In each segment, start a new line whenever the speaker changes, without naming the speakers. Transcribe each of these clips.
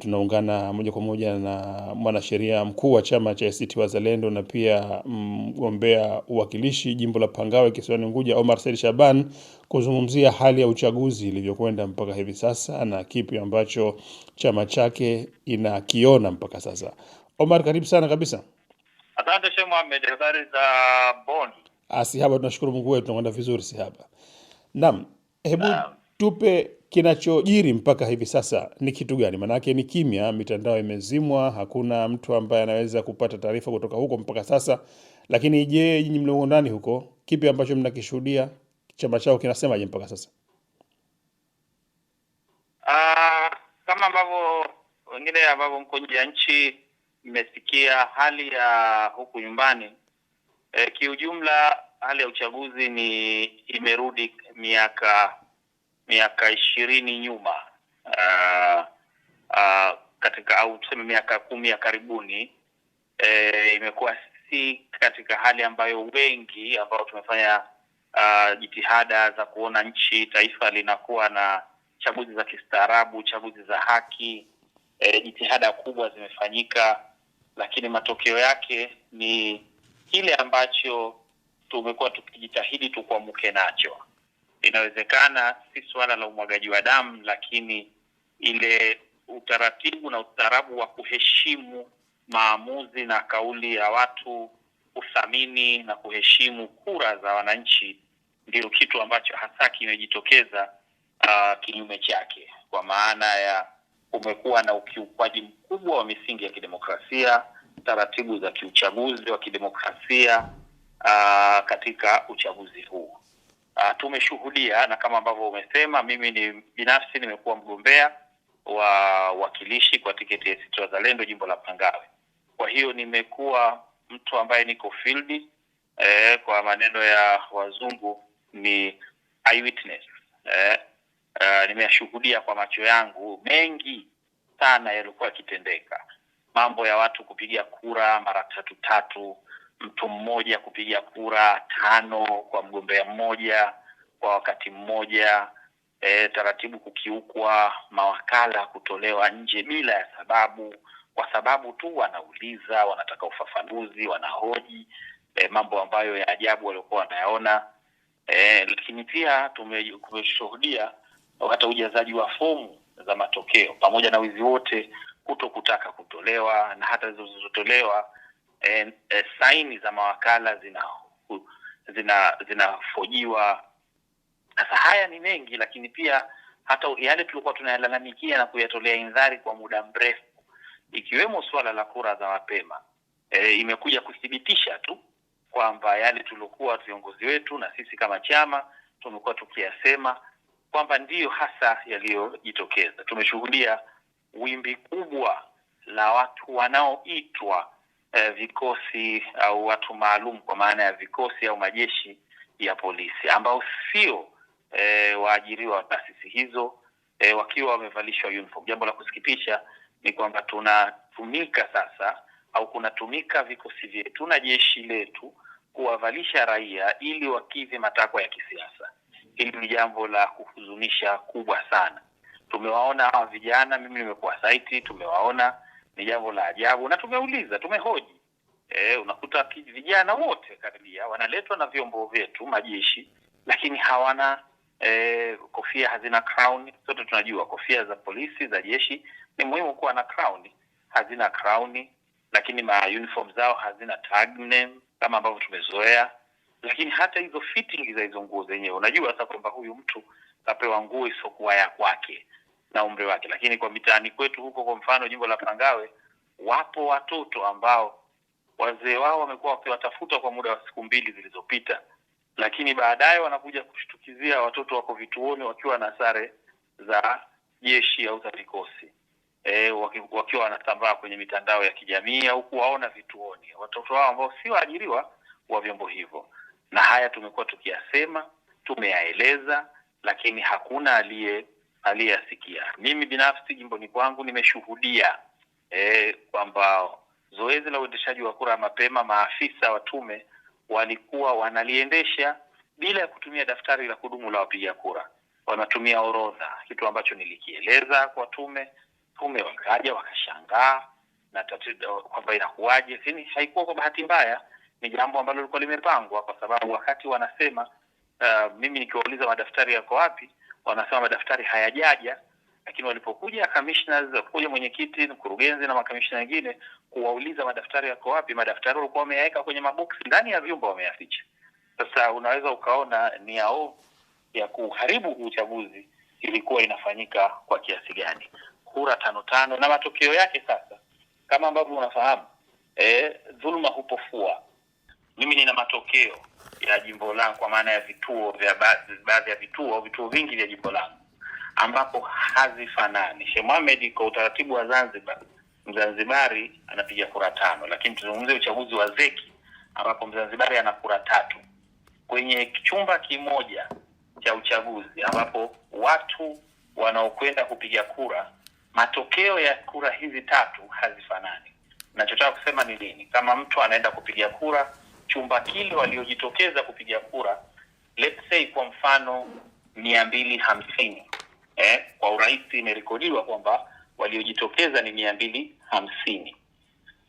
Tunaungana moja kwa moja na mwanasheria mkuu wa chama cha ACT Wazalendo na pia mm, mgombea uwakilishi jimbo la Pangawe kisiwani Unguja, Omar Said Shaban kuzungumzia hali ya uchaguzi ilivyokwenda mpaka hivi sasa na kipi ambacho chama chake inakiona mpaka sasa. Omar, karibu sana kabisa.
Asante Sheikh Mohamed, habari za Bonn?
Ah, si haba, tunashukuru Mungu wetu, tunakwenda vizuri si haba. Naam, hebu tupe kinachojiri mpaka hivi sasa ni kitu gani? Maanake ni kimya, mitandao imezimwa, hakuna mtu ambaye anaweza kupata taarifa kutoka huko mpaka sasa. Lakini je, nyinyi mlio ndani huko, kipi ambacho mnakishuhudia? Chama chao kinasemaje mpaka sasa?
Uh, kama ambavyo wengine ambavyo mko nje ya nchi mmesikia hali ya huku nyumbani e, kiujumla hali ya uchaguzi ni imerudi miaka miaka ishirini nyuma uh, uh, katika au tuseme miaka kumi ya karibuni e, imekuwa si katika hali ambayo wengi ambao tumefanya uh, jitihada za kuona nchi taifa linakuwa na chaguzi za kistaarabu, chaguzi za haki e, jitihada kubwa zimefanyika, lakini matokeo yake ni kile ambacho tumekuwa tukijitahidi tukuamuke nacho inawezekana si suala la umwagaji wa damu, lakini ile utaratibu na ustaarabu wa kuheshimu maamuzi na kauli ya watu, kuthamini na kuheshimu kura za wananchi, ndio kitu ambacho hasa kimejitokeza uh, kinyume chake, kwa maana ya kumekuwa na ukiukwaji mkubwa wa misingi ya kidemokrasia, taratibu za kiuchaguzi wa kidemokrasia uh, katika uchaguzi huu uh, tumeshuhudia na kama ambavyo umesema, mimi ni binafsi nimekuwa mgombea wa wakilishi kwa tiketi ya ACT Wazalendo jimbo la Pangawe. Kwa hiyo nimekuwa mtu ambaye niko field eh, kwa maneno ya wazungu ni eyewitness eh, uh, nimeyashuhudia kwa macho yangu mengi sana yalikuwa yakitendeka, mambo ya watu kupiga kura mara tatu tatu mtu mmoja kupiga kura tano kwa mgombea mmoja kwa wakati mmoja e, taratibu kukiukwa, mawakala kutolewa nje bila ya sababu, kwa sababu tu wanauliza, wanataka ufafanuzi, wanahoji e, mambo ambayo ya ajabu waliokuwa wanayaona. E, lakini pia tumeshuhudia hata ujazaji wa fomu za matokeo pamoja na wizi wote kuto kutaka kutolewa na hata zilizotolewa eh, eh, saini za mawakala zinafojiwa zina, zina sasa haya ni mengi, lakini pia hata yale tulikuwa tunayalalamikia na kuyatolea indhari kwa muda mrefu, ikiwemo suala la kura za mapema e, imekuja kuthibitisha tu kwamba yale tuliokuwa viongozi wetu na sisi kama chama tumekuwa tukiyasema kwamba ndiyo hasa yaliyojitokeza. Tumeshuhudia wimbi kubwa la watu wanaoitwa eh, vikosi au watu maalum kwa maana ya vikosi au majeshi ya polisi ambao sio eh, waajiriwa wa taasisi hizo eh, wakiwa wamevalishwa uniform. Jambo la kusikitisha ni kwamba tunatumika sasa au kunatumika vikosi vyetu na jeshi letu kuwavalisha raia ili wakidhi matakwa ya kisiasa. Hili ni jambo la kuhuzunisha kubwa sana. Tumewaona hawa vijana, mimi nimekuwa saiti, tumewaona ni jambo la ajabu, na tumeuliza tumehoji. E, unakuta vijana wote karibia wanaletwa na vyombo vyetu majeshi, lakini hawana e, kofia hazina crown. Sote tunajua kofia za polisi za jeshi ni muhimu kuwa na crown, hazina crown, lakini ma uniform zao hazina tag name kama ambavyo tumezoea, lakini hata hizo fitting za hizo nguo zenyewe, unajua sasa kwamba huyu mtu kapewa nguo isiokuwa ya kwake na umri wake. Lakini kwa mitaani kwetu huko, kwa mfano jimbo la Pangawe, wapo watoto ambao wazee wao wamekuwa wakiwatafuta kwa muda wa siku mbili zilizopita, lakini baadaye wanakuja kushtukizia watoto wako vituoni wakiwa na sare za jeshi au za vikosi e, wakiwa wanatambaa kwenye mitandao ya kijamii au kuwaona vituoni watoto wao ambao si waajiriwa wa vyombo hivyo. Na haya tumekuwa tukiyasema, tumeyaeleza, lakini hakuna aliye aliyeyasikia. Mimi binafsi jimboni kwangu nimeshuhudia eh, kwamba zoezi la uendeshaji wa kura mapema, maafisa wa tume walikuwa wanaliendesha bila ya kutumia daftari la kudumu la wapiga kura, wanatumia orodha, kitu ambacho nilikieleza kwa tume. Tume wakaja wakashangaa na tatizo kwamba inakuwaje, lakini haikuwa kwa bahati mbaya, ni jambo ambalo lilikuwa limepangwa, kwa sababu wakati wanasema uh, mimi nikiwauliza madaftari yako wapi wanasema madaftari hayajaja, lakini walipokuja commissioners, kuja mwenyekiti, mkurugenzi na makamishna wengine kuwauliza madaftari yako wapi, madaftari walikuwa wameyaweka kwenye maboksi ndani ya vyumba, wameyaficha. Sasa unaweza ukaona ni ovu ya kuharibu uchaguzi ilikuwa inafanyika kwa kiasi gani, kura tano tano. Na matokeo yake sasa, kama ambavyo unafahamu, eh, dhuluma hupofua. Mimi nina matokeo ya jimbo langu, kwa maana ya vituo vya baadhi ya vituo, vituo vingi vya jimbo langu ambapo hazifanani. Sheikh Mohamed, kwa utaratibu wa Zanzibar, Mzanzibari anapiga kura tano, lakini tuzungumzie uchaguzi wa Zeki ambapo Mzanzibari ana kura tatu kwenye chumba kimoja cha uchaguzi, ambapo watu wanaokwenda kupiga kura, matokeo ya kura hizi tatu hazifanani. ninachotaka kusema ni nini? Kama mtu anaenda kupiga kura chumba kile waliojitokeza kupiga kura, let's say kwa mfano mia mbili hamsini eh, kwa urahisi imerekodiwa kwamba waliojitokeza ni mia mbili hamsini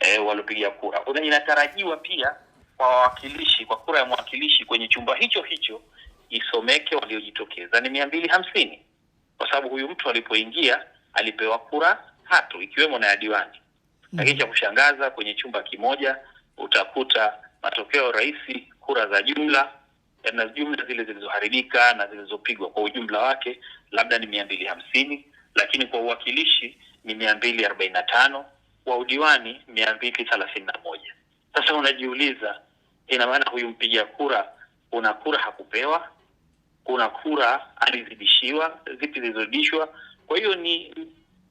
eh, waliopiga kura. Inatarajiwa pia kwa wawakilishi, kwa kura ya mwakilishi kwenye chumba hicho hicho isomeke waliojitokeza ni mia mbili hamsini kwa sababu huyu mtu alipoingia alipewa kura tatu ikiwemo na ya diwani. Lakini mm-hmm. cha kushangaza kwenye chumba kimoja utakuta matokeo rahisi, kura za jumla na jumla zile zilizoharibika na zilizopigwa kwa ujumla wake labda ni mia mbili hamsini, lakini kwa uwakilishi ni mia mbili arobaini na tano, wa udiwani mia mbili thelathini na moja. Sasa unajiuliza, ina maana huyu mpiga kura kuna kura hakupewa, kuna kura alizidishiwa, zipi zilizodishwa? Kwa hiyo ni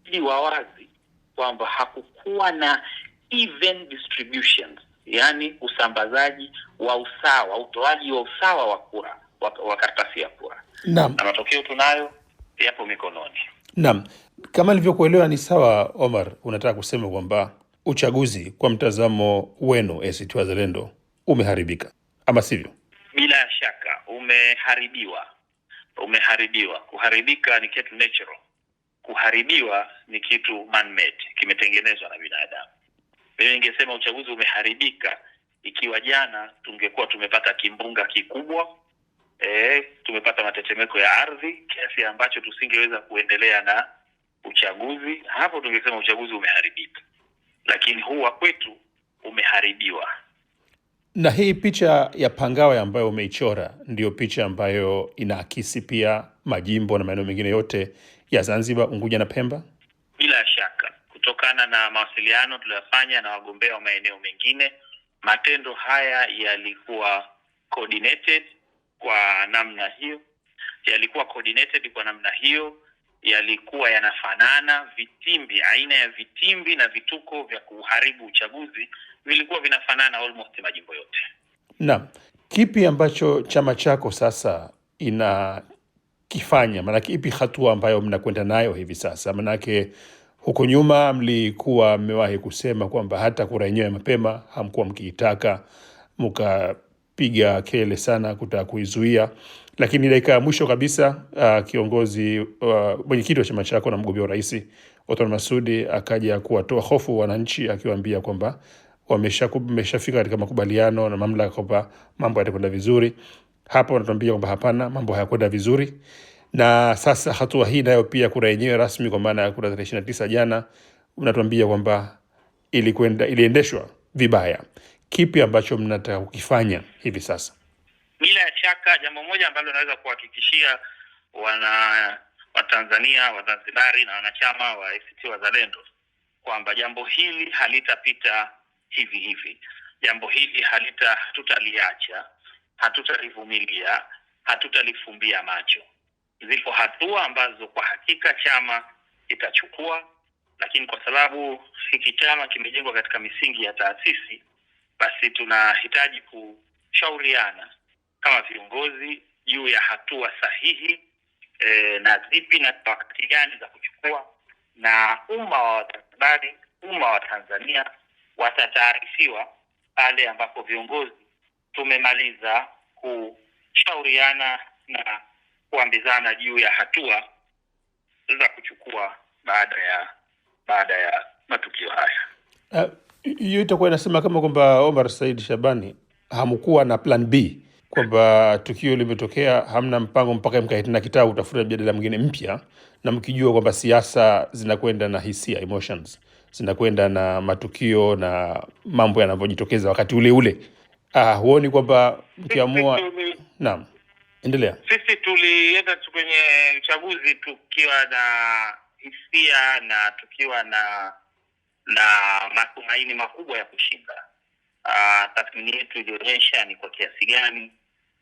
mpili wa wazi kwamba hakukuwa na even distributions yani usambazaji wa usawa, utoaji wa usawa wa kura wa karatasi ya kura. na matokeo tunayo yapo mikononi.
Naam, kama nilivyokuelewa ni sawa, Omar, unataka kusema kwamba uchaguzi kwa mtazamo wenu ACT Wazalendo umeharibika ama sivyo?
Bila shaka umeharibiwa, umeharibiwa. Kuharibika ni kitu natural, kuharibiwa ni kitu man made, kimetengenezwa na binadamu. Mimi ningesema uchaguzi umeharibika ikiwa jana tungekuwa tumepata kimbunga kikubwa e, tumepata matetemeko ya ardhi kiasi ambacho tusingeweza kuendelea na uchaguzi. Hapo tungesema uchaguzi umeharibika, lakini huu wa kwetu umeharibiwa.
Na hii picha ya Pangawe ambayo umeichora ndiyo picha ambayo inaakisi pia majimbo na maeneo mengine yote ya Zanzibar, Unguja na Pemba,
bila shaka kutokana na mawasiliano tuliyofanya na wagombea wa maeneo mengine. Matendo haya yalikuwa coordinated kwa namna hiyo, yalikuwa coordinated kwa namna hiyo, yalikuwa yanafanana. Vitimbi, aina ya vitimbi na vituko vya kuharibu uchaguzi vilikuwa vinafanana almost majimbo yote.
Naam, kipi ambacho chama chako sasa inakifanya? Maanake ipi hatua ambayo mnakwenda nayo hivi sasa? Maanake huko nyuma mlikuwa mmewahi kusema kwamba hata kura yenyewe mapema hamkuwa mkiitaka, mkapiga kele sana kutaka kuizuia, lakini dakika ya mwisho kabisa uh, kiongozi uh, mwenyekiti wa chama chako na mgombea urais Othman Masudi akaja kuwatoa hofu wananchi akiwaambia kwamba wameshafika katika makubaliano na mamlaka kwamba mambo yatakwenda vizuri. Hapa wanatuambia kwamba hapana, mambo hayakwenda vizuri. Na sasa hatua hii nayo pia kura yenyewe rasmi kwa maana ya kura tarehe ishirini na tisa jana, unatuambia kwamba ilikwenda iliendeshwa vibaya. Kipi ambacho mnataka kukifanya hivi sasa?
Bila ya shaka, jambo moja ambalo naweza kuhakikishia wana Watanzania, Wazanzibari na wanachama wa ACT Wazalendo kwamba jambo hili halitapita hivi hivi. Jambo hili halita hatutaliacha, hatutalivumilia, hatutalifumbia macho zipo hatua ambazo kwa hakika chama kitachukua, lakini kwa sababu hiki chama kimejengwa katika misingi ya taasisi, basi tunahitaji kushauriana kama viongozi juu ya hatua sahihi e, na zipi na wakati gani za kuchukua, na umma wa Wazanzibari, umma wa Tanzania watataarifiwa pale ambapo viongozi tumemaliza kushauriana na kuambizana juu ya hatua za kuchukua baada ya baada ya matukio haya.
Eh, hiyo uh, itakuwa inasema kama kwamba Omar Said Shabani, hamkuwa na plan B kwamba tukio limetokea, hamna mpango mpaka mkahitina kitabu utafuta mjadala mwingine mpya, na mkijua kwamba siasa zinakwenda na hisia, emotions zinakwenda na matukio na mambo yanavyojitokeza wakati ule ule. Ah, huoni kwamba mkiamua naam endelea.
Sisi tulienda tu kwenye uchaguzi tukiwa na hisia na tukiwa na na matumaini makubwa ya kushinda. Ah, tathmini yetu ilionyesha ni kwa kiasi gani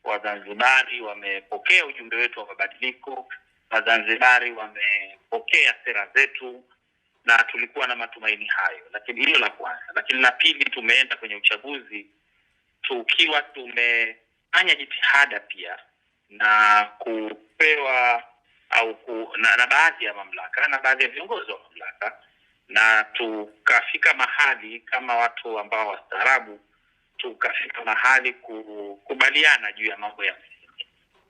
Wazanzibari wamepokea ujumbe wetu wa mabadiliko, Wazanzibari wamepokea sera zetu, na tulikuwa na matumaini hayo. Lakini hilo la kwanza, lakini la pili, tumeenda kwenye uchaguzi tukiwa tumefanya jitihada pia na kupewa au ku, na, na baadhi ya mamlaka na baadhi ya viongozi wa mamlaka, na tukafika mahali kama watu ambao wastaarabu, tukafika mahali kukubaliana juu ya mambo ya msingi,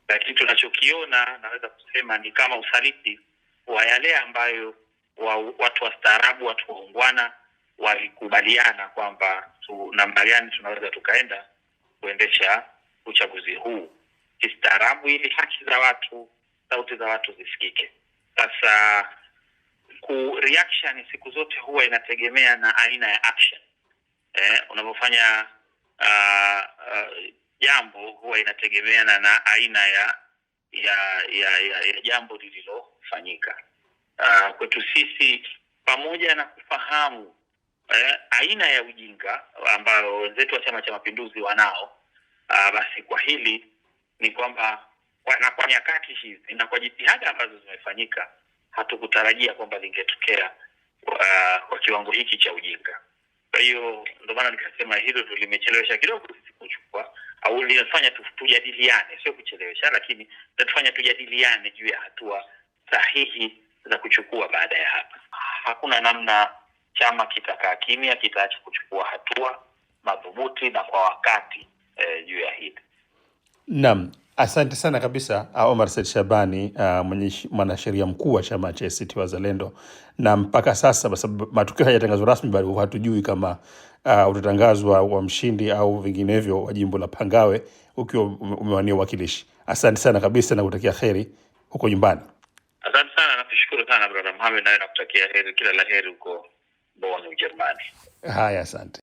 lakini tunachokiona naweza kusema ni kama usaliti wa yale ambayo wa, watu wastaarabu, watu waungwana walikubaliana kwamba tu namna gani tunaweza tukaenda kuendesha uchaguzi huu kistaarabu ili haki za watu, sauti za watu zisikike. Sasa ku reaction siku zote huwa inategemea na aina ya action eh, unavyofanya ah, ah, jambo uh, uh, huwa inategemeana na aina ya ya ya, ya, ya jambo lililofanyika. Uh, kwetu sisi pamoja na kufahamu eh, aina ya ujinga ambayo wenzetu wa Chama cha Mapinduzi wanao, uh, basi kwa hili ni kwamba kwa, na kwa nyakati hizi na kwa jitihada ambazo zimefanyika hatukutarajia kwamba lingetokea kwa, uh, kwa kiwango hiki cha ujinga. Kwa hiyo ndio maana nikasema hilo tu limechelewesha kidogo sisi kuchukua au linafanya tujadiliane, sio kuchelewesha, lakini natufanya tujadiliane juu ya hatua sahihi za kuchukua baada ya hapa. Hakuna namna chama kitakaa kimya, kitaacha kuchukua hatua madhubuti na kwa wakati eh, juu ya hili. Naam, asante sana kabisa uh, Omar Said Shabani, uh, mwanasheria mkuu wa chama cha ACT Wazalendo. Na mpaka sasa, kwa sababu matukio hayajatangazwa rasmi, bado hatujui kama uh, utatangazwa wa mshindi au vinginevyo wa jimbo la Pangawe ukiwa umewania uwakilishi. Asante sana kabisa na kutakia heri huko nyumbani. Asante sana, nakushukuru sana brother Mohamed, nawe nakutakia heri, kila la heri huko Bonn, Ujerumani. Haya, asante.